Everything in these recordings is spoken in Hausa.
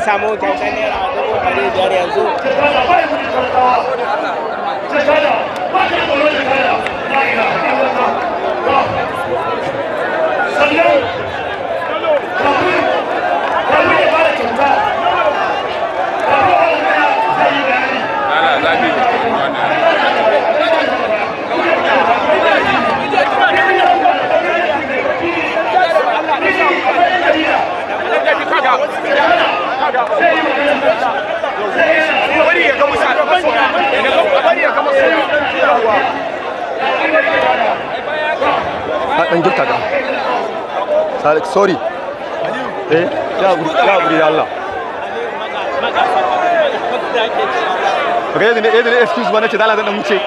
an samu kyautar naira dubu ɗari biyar yanzu sannan Salik sorry eh ya guri ya guri Allah eh, excuse ba na ce da Allah zan dan wuce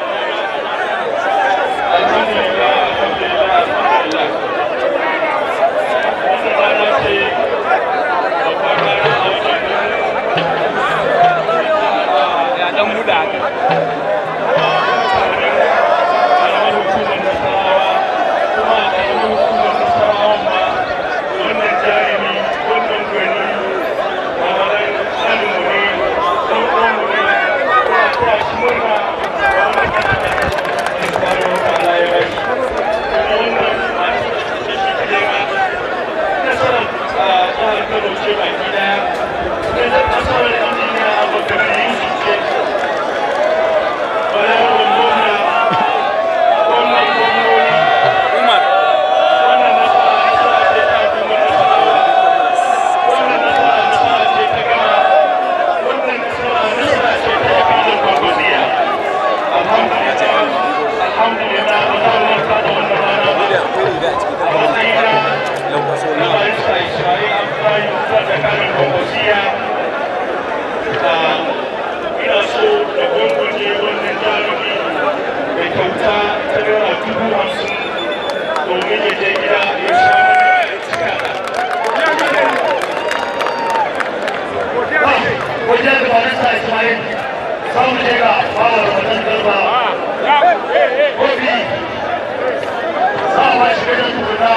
kuma shirin guda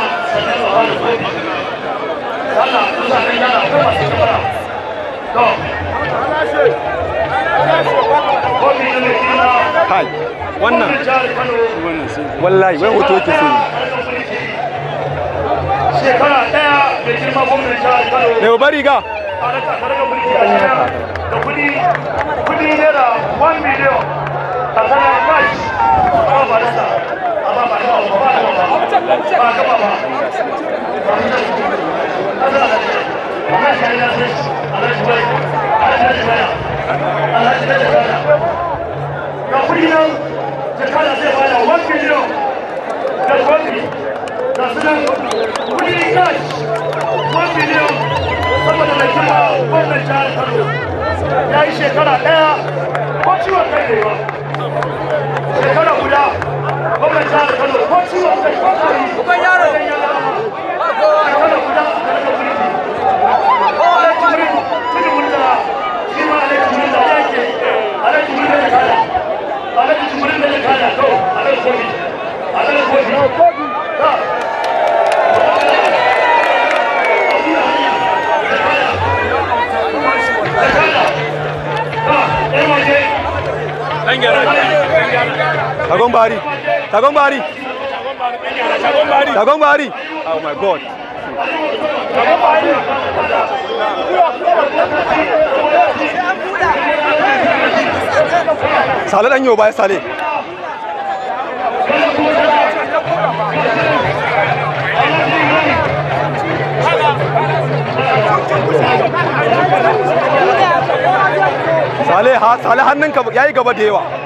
masu wannan wallahi wai hoto yake so shekara daya da girma gwamnan jihar Kano da bari ga da kudi kudi naira 1 million a sanar cash a ba da ya yi shekara ɗaya ko ciwon kai ne ba shekara guda Ja, Obrigado, h Obrigado. Shagon Buhari. Shagon Oh my God. Sale dan yau sale. Sale ha sale hannunka yayi gaba da yawa.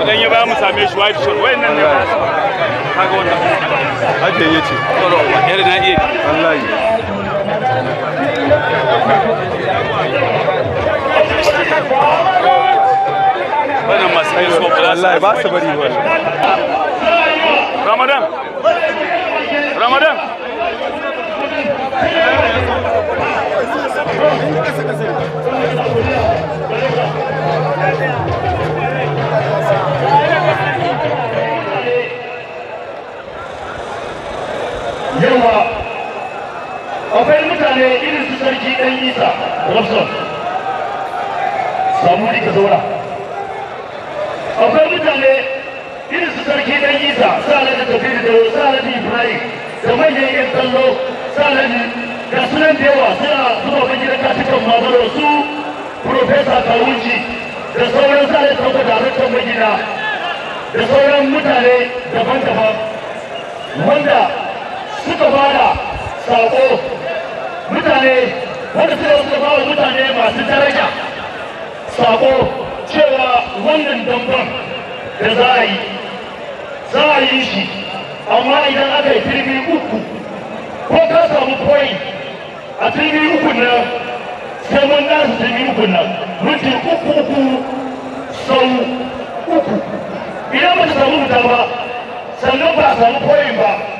mu ganye ba mu same shi white shot wayannan ne ba kaga wannan tsoro na iya wannan masu ba su bari Ramadan Ramadan Thank you. yawa akwai mutane irin su sarki ɗan isa rafson samu ka zaura akwai mutane irin su sarki ɗan isa sa'ala da tafi da dawo sa'ala da ibrahim da manyan yan kallo sa'ala da ga sunan da yawa suna zuba ban gidan katukan mazaro su profesa kawunci da sauran sa'ala da tafi da harkar magina da sauran mutane daban-daban wanda suka bada sako mutane wanda suka suka bawa mutane masu daraja sako cewa wannan damban da za a yi za a yi shi amma idan aka yi turmi uku ko ka samu point a turmi uku nan sai mun nasu turmi uku nan minti uku uku sau uku idan ba ta samu fita ba sannan ba a samu point ba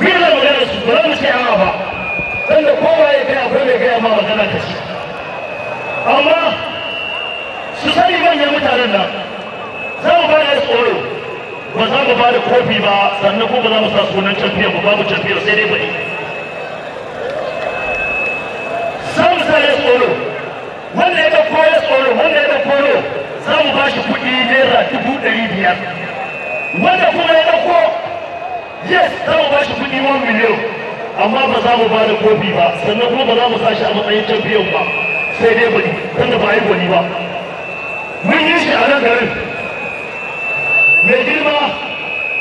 magana su a'a ba dan kowa ya kai akwai gaya ma magana amma su mutanen za mu ba za mu bada kofi ba sannan ko ba za mu champion ba babu champion sai dai wanda ya wanda ya kuɗi dubu ɗari biyar wanda kuma ya ɗauko yes za mu bashi kuɗi 1 miliyan amma ba za mu ba da kofi ba sannan kuma ba za mu sa shi a matsayin champion ba sai dai bari tunda ba yi gwani ba mun yi shi a nan garin mai girma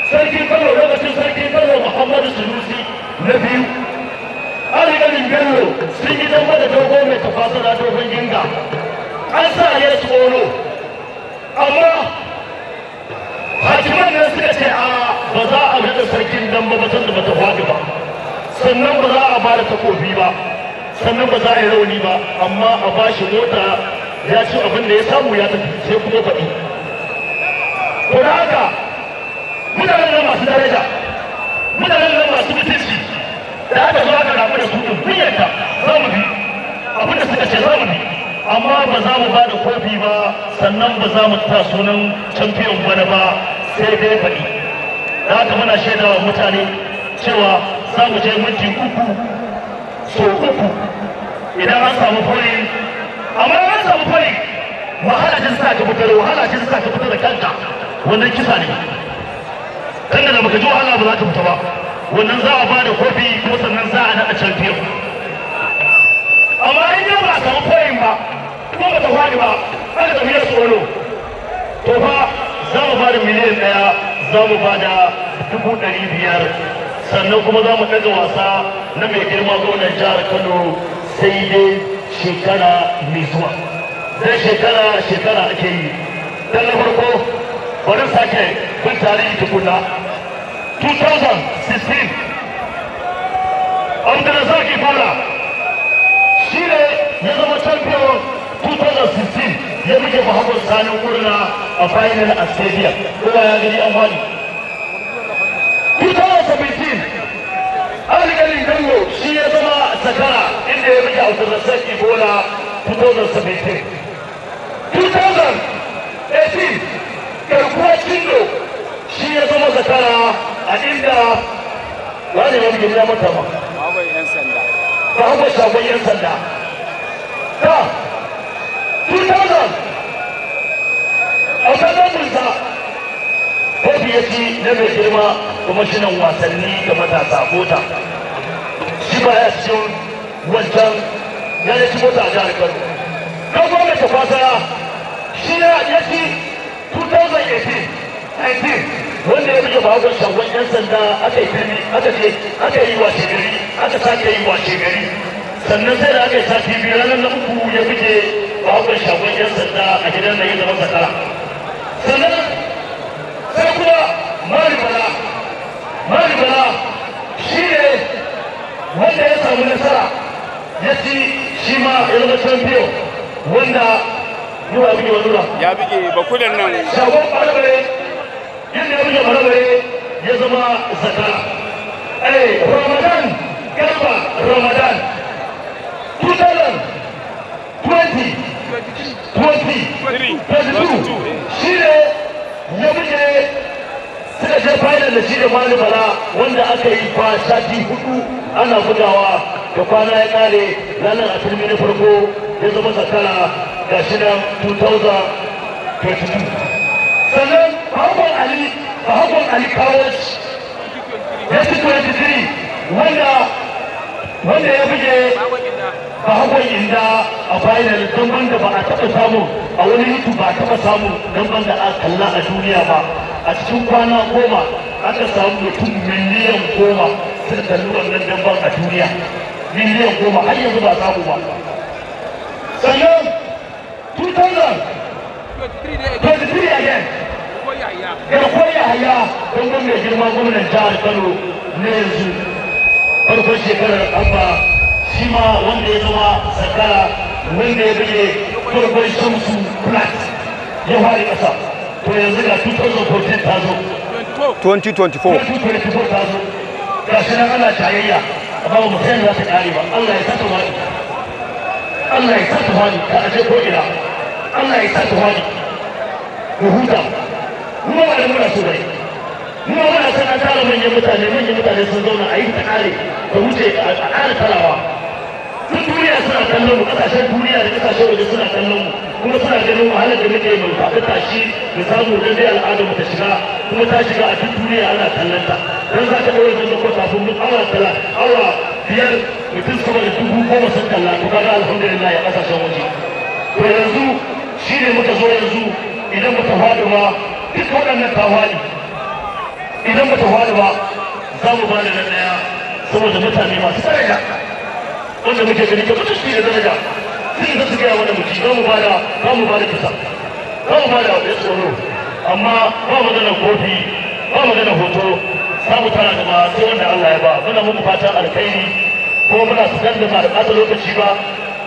sarkin kano lokacin sarkin kano muhammadu sunusi na biyu alƙalin bello sun yi zama da dogo mai tafasa da dogon jinga an sa ya tsoro amma hatiman nan suka ce a ba za a naɗa sarkin dan ba san da bata faɗi ba sannan ba za a ba da takobi ba sannan ba za a yi rauni ba amma a ba shi mota ya ci abin da ya samu ya tafi sai kuma faɗi ko da haka mutanen nan masu daraja mutanen nan masu mutunci da aka zo aka rabu da su ɗin kunyanta za mu bi abin da suka ce za mu bi amma ba za mu ba da kofi ba sannan ba za mu ta sunan champion bana ba sai dai faɗi da haka muna wa mutane cewa za mu je minti uku so uku idan an samu fari amma an samu fari wahala ce sa ka fitar wahala ce sa ka fitar da kanka wannan kisa ne kan da baka ji wahala ba za ka fita ba wannan za a ba da kofi ko sannan za a naɗa champion amma in ba a samu fari ba kuma ba ta fari ba aka tafi da tsoro to fa za mu ba da miliyan ɗaya za mu ba da dubu ɗari biyar sannan kuma za mu ɗaga wasa na mai girma gwamnan jihar kano sai dai shekara mai zuwa dan shekara shekara ake yi dan na farko bari sake bin tarihi tukuna 2016 abdulrazak ibala shi ne ya zama champion 2016 ya rike muhammad sani murna a final a stadium kowa ya gani an wani zakara inda ya miki abdulrasak ibola 2017 2018 garkuwar cindo shi ya zama zakara a inda wani ya miki ya mata ba ba hawa shagon yan sanda ta 2000 a sanar mulsa kofi ya ci na mai girma kwamishinan wasanni da matasa kota shi ba ya cikin wancan ya ci mota a jihar kano kan gwamnati fasara shi ya ci 2018 wanda ya buge bagon shagon yan sanda aka yi birni aka ce aka yi wace gari aka sake yi wace da yi shi wanda ya samu nasara ya ci shi ma ya zama wanda yiwa buge wa nura ya buge bakulan nan shagon ɓarɓare yadda ya buge ya zama zakara eh ramadan garba ramadan 2020 20 shi ne ya buge suka je final da shi da mani bala wanda aka yi ba sati hudu ana bugawa da kwana ya kare ranar asirmi na farko ya zama sakara ga shi na 2022 sannan hagon ali a hagon ali kawas ya fi 23 wanda wanda ya buge ba hakan inda a final don banda ba a taɓa samu a wani yutu ba a taɓa samu don banda a kalla a duniya ba a cikin kwana goma aka samu mutum miliyan goma sun kalli wannan ban a duniya miliyan goma har yanzu ba samu ba sannan 2023 again garkuwar haya don gwamnan girma gwamnan jihar kano na yanzu farkon shekarar abba sima wanda ya zama sakara wanda ya plat ya fara ƙasa to yanzu ga 2014 2024 2024 ta zo ga shi nan ana ba ta ba Allah ya wani Allah ya wani ka aje ko Allah ya wani ku huta mu ba da muna so bai da sana tara manyan mutane manyan mutane sun zauna a yi ta kare da wuce duk duniya suna kallon mu kasashen duniya da kasashen waje suna kallon mu kuma suna ganin wahalar da muke mai faɗi tashi da samu don dai al'adar mu ta shiga kuma ta shiga a duk duniya ana kallon ta dan za ka ɗaure zan ko kafin mu awa tala awa biyar mutum da dubu goma sun kalla to kaga alhamdulillah ya kasashen waje to yanzu shi ne muka zo yanzu idan muka ba duk waɗannan ta idan muka ba za mu ba da ɗaya saboda mutane masu wanda muke gani ka mutum shi da daraja shi da su gaya wanda mutum za mu bada za mu bada kisa za mu bada ya tsoro amma ba mu maganar kofi ba mu maganar hoto ba mu tara gaba sai wanda Allah ya ba muna muku fatan alkhairi ko muna su kan da ba da ɓata lokaci ba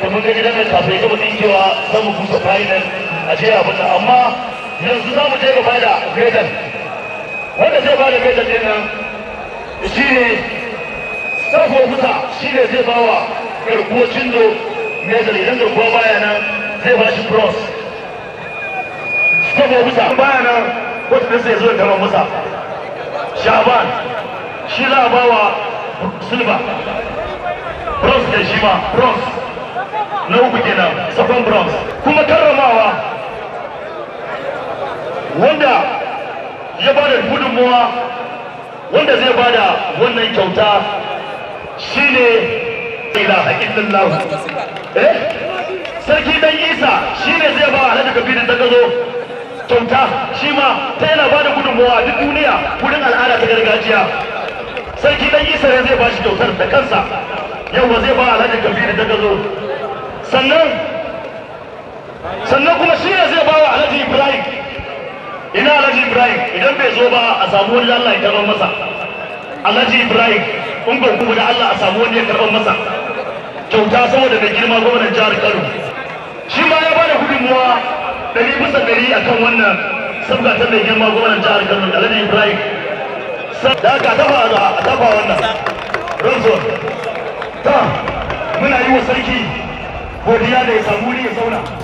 da mun ga gidan nan kafin gaba cewa za mu busa final a jiya wannan amma yanzu za mu je gaba da gredan wanda zai bada da gredan ɗin nan shi ne san huta shi ne zai ba wa cindo idan zai ba shi bronze zo da gama musa shaban shi za a silba bronze ne shi ma bronze na uku bronze kuma karramawa wanda ya bada da wanda zai bada wannan kyauta shine ilaha illallah eh sarki dan isa shine zai ba alhaji kabirin da gazo kyauta shi ma ta yana ba da gudunmawa duk duniya wurin al'ada ta gargajiya sarki dan isa ne zai ba shi kyautar da kansa ba zai ba alhaji kabirin da gazo sannan sannan kuma shi ne zai ba wa alhaji ibrahim ina alhaji ibrahim idan bai zo ba a samu wani allah ya masa alhaji ibrahim kun kuma da Allah a samu wani ya karɓar masa kyauta saboda mai girma gwamnan jihar Kano shi ma ya ba da gudunmuwa ɗari bisa ɗari a wannan sabga ta mai girma gwamnan jihar Kano da Alhaji Ibrahim da aka tafa a wannan Ramzon ta muna yi wa sarki godiya da ya samu ni ya zauna